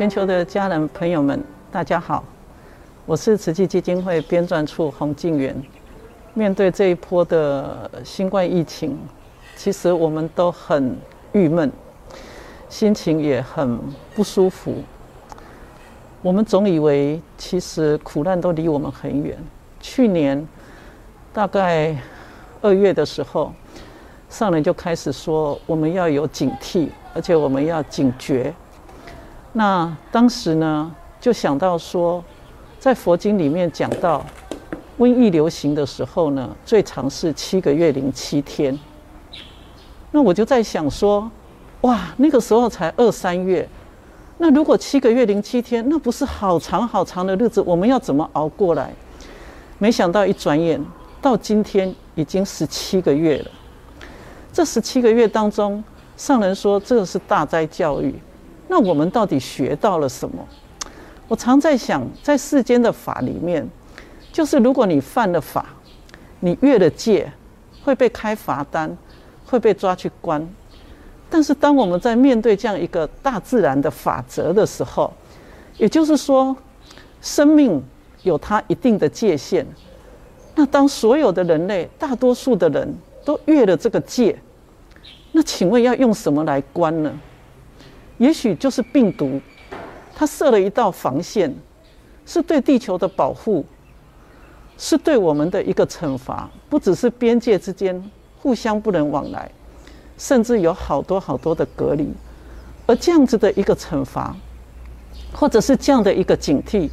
全球的家人朋友們，大家好，我是慈濟基金會編撰處洪靜原。面對這一波的新冠疫情，其實我們都很鬱悶，心情也很不舒服。我們總以為，其實苦難都離我們很遠。去年大概二月的時候，上人就開始說，我們要有警惕，而且我們要警覺。那當時呢，就想到說，在佛經裡面講到瘟疫流行的時候呢，最長是七個月零七天。那我就在想說，哇，那個時候才二三月，那如果七個月零七天，那不是好長好長的日子？我們要怎麼熬過來？沒想到一轉眼到今天已經十七個月了。這十七個月當中，上人說這個是大哉教育。那我們到底學到了什麼？我常在想，在世間的法裡面，就是如果你犯了法，你越了界，會被開罰單，會被抓去關。但是當我們在面對這樣一個大自然的法則的時候，也就是說，生命有它一定的界限。那當所有的人類，大多數的人都越了這個界，那請問要用什麼來關呢？也許就是病毒，它設了一道防線，是對地球的保護，是對我們的一個懲罰。不只是邊界之間互相不能往來，甚至有好多好多的隔離。而這樣子的一個懲罰，或者是這樣的一個警惕，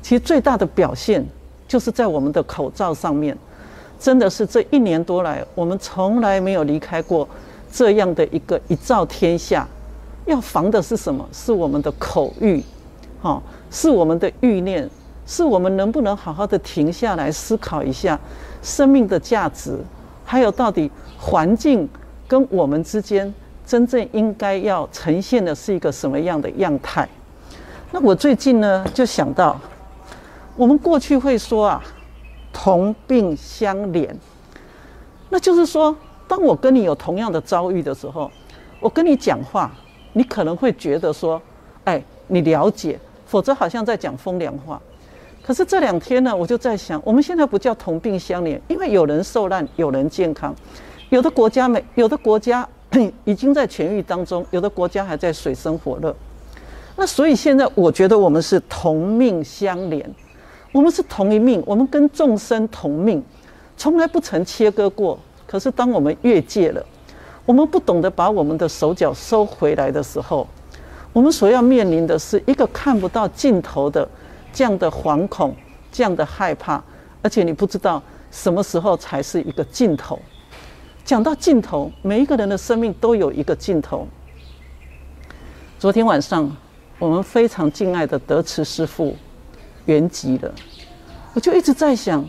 其實最大的表現，就是在我們的口罩上面。真的是這一年多來，我們從來沒有離開過這樣的一個一罩天下。要防的是什麼？是我們的口欲，哈、哦，是我們的慾念，是我們能不能好好的停下來思考一下生命的價值，還有到底環境跟我們之間真正應該要呈現的是一個什麼樣的樣態？那我最近呢，就想到我們過去會說啊，同病相憐，那就是說，當我跟你有同樣的遭遇的時候，我跟你講話。你可能會覺得說，哎，你了解，否則好像在講風涼話。可是這兩天呢，我就在想，我們現在不叫同病相憐，因為有人受難，有人健康，有的國家沒，有的國家已經在痊癒當中，有的國家還在水深火熱。那所以現在我覺得我們是同命相連，我們是同一命，我們跟眾生同命，從來不曾切割過。可是當我們越界了。我們不懂得把我們的手腳收回來的時候，我們所要面臨的是一個看不到盡頭的這樣的惶恐、這樣的害怕，而且你不知道什麼時候才是一個盡頭。講到盡頭，每一個人的生命都有一個盡頭。昨天晚上，我們非常敬愛的德慈師父圓寂了，我就一直在想，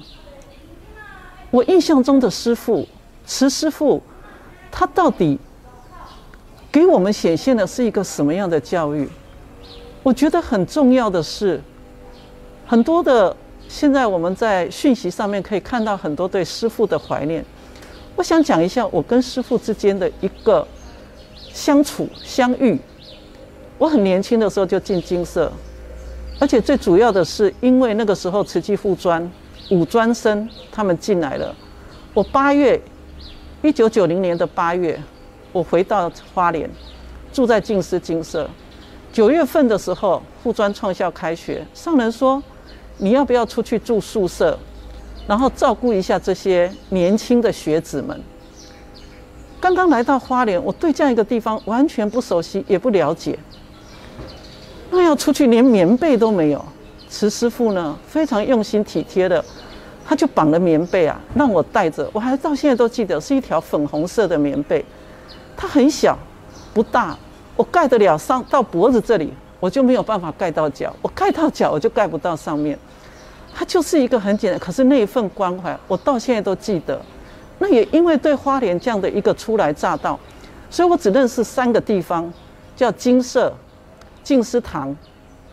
我印象中的師父慈師父。他到底給我們顯現的是一個什麼樣的教育？我覺得很重要的是，很多的現在我們在訊息上面可以看到很多對師父的懷念。我想講一下我跟師父之間的一個相處相遇。我很年輕的時候就進金色，而且最主要的是，因為那個時候慈濟附專、五專生他們進來了，我八月。一九九零年的八月，我回到花蓮，住在靜思精舍。九月份的時候，附專創校開學，上人說：“你要不要出去住宿舍，然後照顧一下這些年輕的學子們？”剛剛來到花蓮，我對這樣一個地方完全不熟悉，也不了解。那要出去，連棉被都沒有。慈師父呢，非常用心體貼的。他就綁了棉被啊，讓我帶着，我還到現在都記得，是一條粉紅色的棉被，它很小，不大，我蓋得了上到脖子這裡，我就沒有辦法蓋到腳，我蓋到腳我就蓋不到上面，它就是一個很簡單，可是那一份關懷，我到現在都記得。那也因為對花蓮這樣的一個初來乍到，所以我只認識三個地方，叫精舍、靜思堂、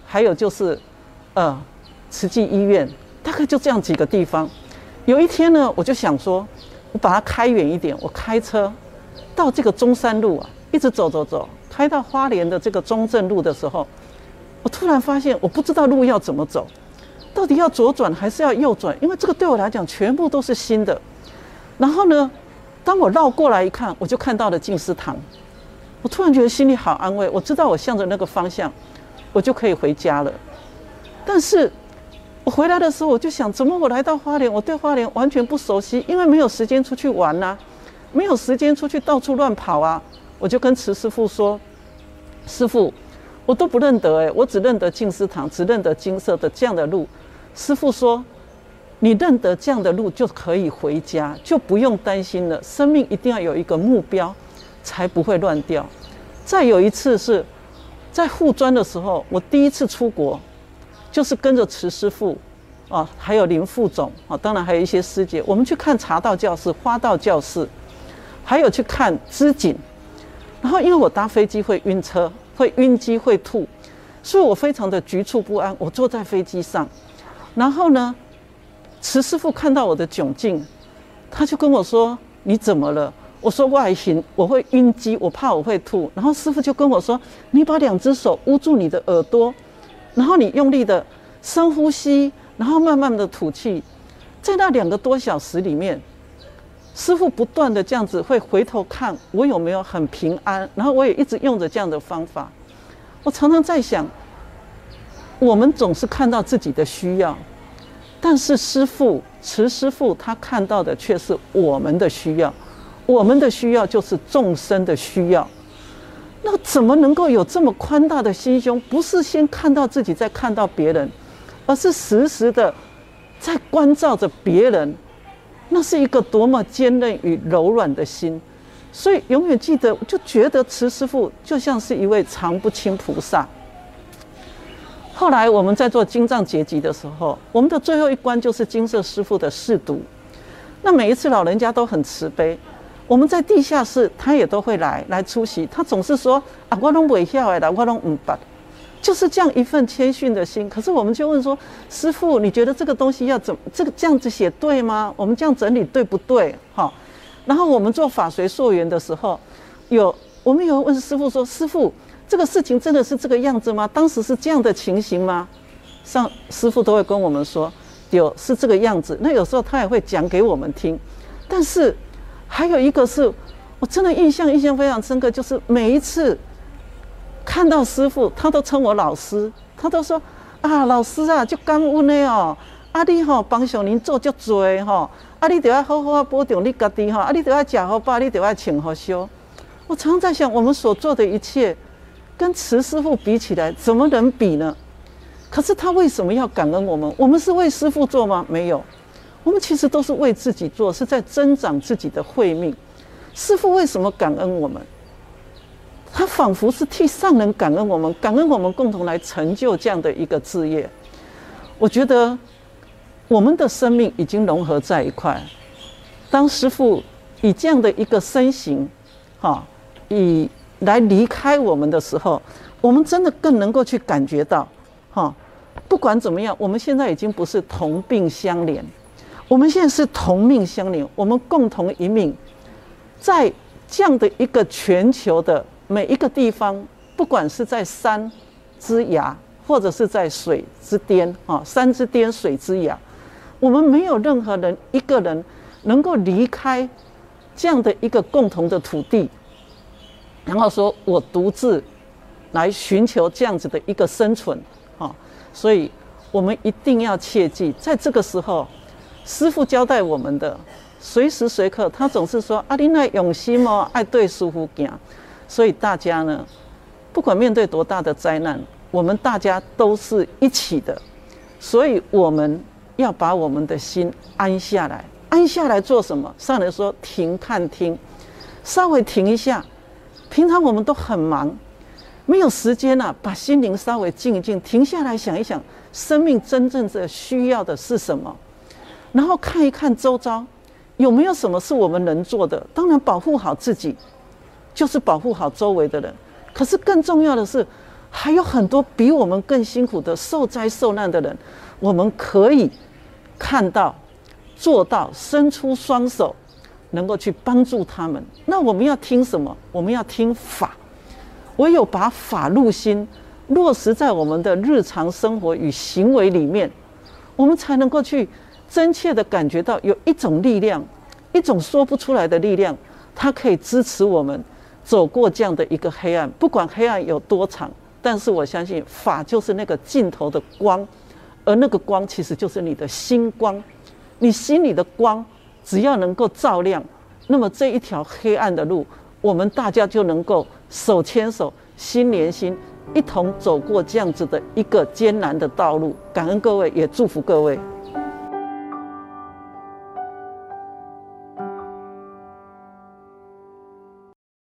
還有就是呃，慈濟醫院。大概就這樣幾個地方。有一天呢，我就想說，我把它開遠一點。我開車到這個中山路啊，一直走走走，開到花蓮的這個中正路的時候，我突然發現，我不知道路要怎麼走，到底要左轉還是要右轉？因為這個對我來講全部都是新的。然後呢，當我繞過來一看，我就看到了靜思堂。我突然覺得心裡好安慰，我知道我向着那個方向，我就可以回家了。但是。我回來的時候，我就想，怎麼我來到花蓮，我對花蓮完全不熟悉，因為沒有時間出去玩吶、啊，沒有時間出去到處亂跑啊。我就跟慈師父說：“師父，我都不認得哎，我只認得靜思堂，只認得金色的這樣的路。”師父說：“你認得這樣的路就可以回家，就不用擔心了。生命一定要有一個目標，才不會亂掉。”再有一次是在護專的時候，我第一次出國。就是跟着慈師父啊，還有林副總啊，當然還有一些師姐，我們去看茶道教室、花道教室，還有去看織錦。然後因為我搭飛機會暈車，會暈機，會吐，所以我非常的局促不安。我坐在飛機上，然後呢，慈師父看到我的窘境，他就跟我說：“你怎麼了？”我說：“我還行，我會暈機，我怕我會吐。”然後師父就跟我說：“你把兩隻手捂住你的耳朵。”然後你用力的深呼吸，然後慢慢的吐氣，在那兩個多小時裡面，師父不斷的這樣子會回頭看我有沒有很平安，然後我也一直用着這樣的方法。我常常在想，我們總是看到自己的需要，但是師父，慈師父他看到的卻是我們的需要，我們的需要就是眾生的需要。那怎麼能夠有這麼寬大的心胸？不是先看到自己，再看到別人，而是時時的在關照着別人。那是一個多麼堅韌與柔軟的心。所以永遠記得，就覺得慈師父就像是一位常不輕菩薩。後來我們在做經藏結集的時候，我們的最後一關就是金色師父的試讀。那每一次老人家都很慈悲。我們在地下室，他也都會來來出席。他總是說：“啊，我攏袂曉哎我都唔捌。”就是這樣一份謙遜的心。可是我們就問說：“師父，你覺得這個東西要怎麼？這個這樣子寫對嗎？我們這樣整理對不對？哈、哦。”然後我們做法隨溯源的時候，有我們有問師父說：“師父，這個事情真的是這個樣子嗎？當時是這樣的情形嗎？”上師父都會跟我們說：“有是這個樣子。”那有時候他也會講給我們聽，但是。還有一個是，我真的印象印象非常深刻，就是每一次看到師父，他都稱我老師，他都說啊，老師啊，足感恩內、啊啊、哦，阿弟哈幫小林做多、啊、就多哈，阿弟得要好好啊保重你家底哈，阿弟得要吃好飽，你得要請好休。我常在想，我們所做的一切，跟慈師父比起來，怎麼能比呢？可是他為什麼要感恩我們？我們是為師父做嗎？沒有。我們其實都是為自己做，是在增長自己的慧命。師父為什麼感恩我們？他仿佛是替上人感恩我們，感恩我們共同來成就這樣的一個事業。我覺得我們的生命已經融合在一塊。當師父以這樣的一個身形，哈，以來離開我們的時候，我們真的更能夠去感覺到，哈，不管怎麼樣，我們現在已經不是同病相憐。我們現在是同命相連，我們共同一命，在這樣的一個全球的每一個地方，不管是在山之崖，或者是在水之巔，啊、哦，山之巔、水之崖，我們沒有任何人一個人能夠離開這樣的一個共同的土地，然後說我獨自來尋求這樣子的一個生存，啊、哦，所以我們一定要切記，在這個時候。師父交代我們的，隨時隨刻，他總是說：“阿彌那永心嗎？愛對師父講，所以大家呢，不管面對多大的災難，我們大家都是一起的。所以我們要把我們的心安下來，安下來做什麼？上人說：“停，看，聽，稍微停一下。平常我們都很忙，沒有時間了、啊，把心靈稍微靜一靜，停下來想一想，生命真正的需要的是什麼。”然後看一看周遭，有沒有什麼是我們能做的？當然，保護好自己，就是保護好周圍的人。可是更重要的是，還有很多比我們更辛苦的受災受難的人，我們可以看到，做到伸出雙手，能夠去幫助他們。那我們要聽什麼？我們要聽法。唯有把法入心，落實在我們的日常生活與行為裡面，我們才能夠去。真切的感覺到有一種力量，一種說不出來的力量，它可以支持我們走過這樣的一個黑暗，不管黑暗有多長。但是我相信法就是那個盡頭的光，而那個光其實就是你的心光，你心裡的光，只要能夠照亮，那麼這一條黑暗的路，我們大家就能夠手牽手、心連心，一同走過這樣子的一個艱難的道路。感恩各位，也祝福各位。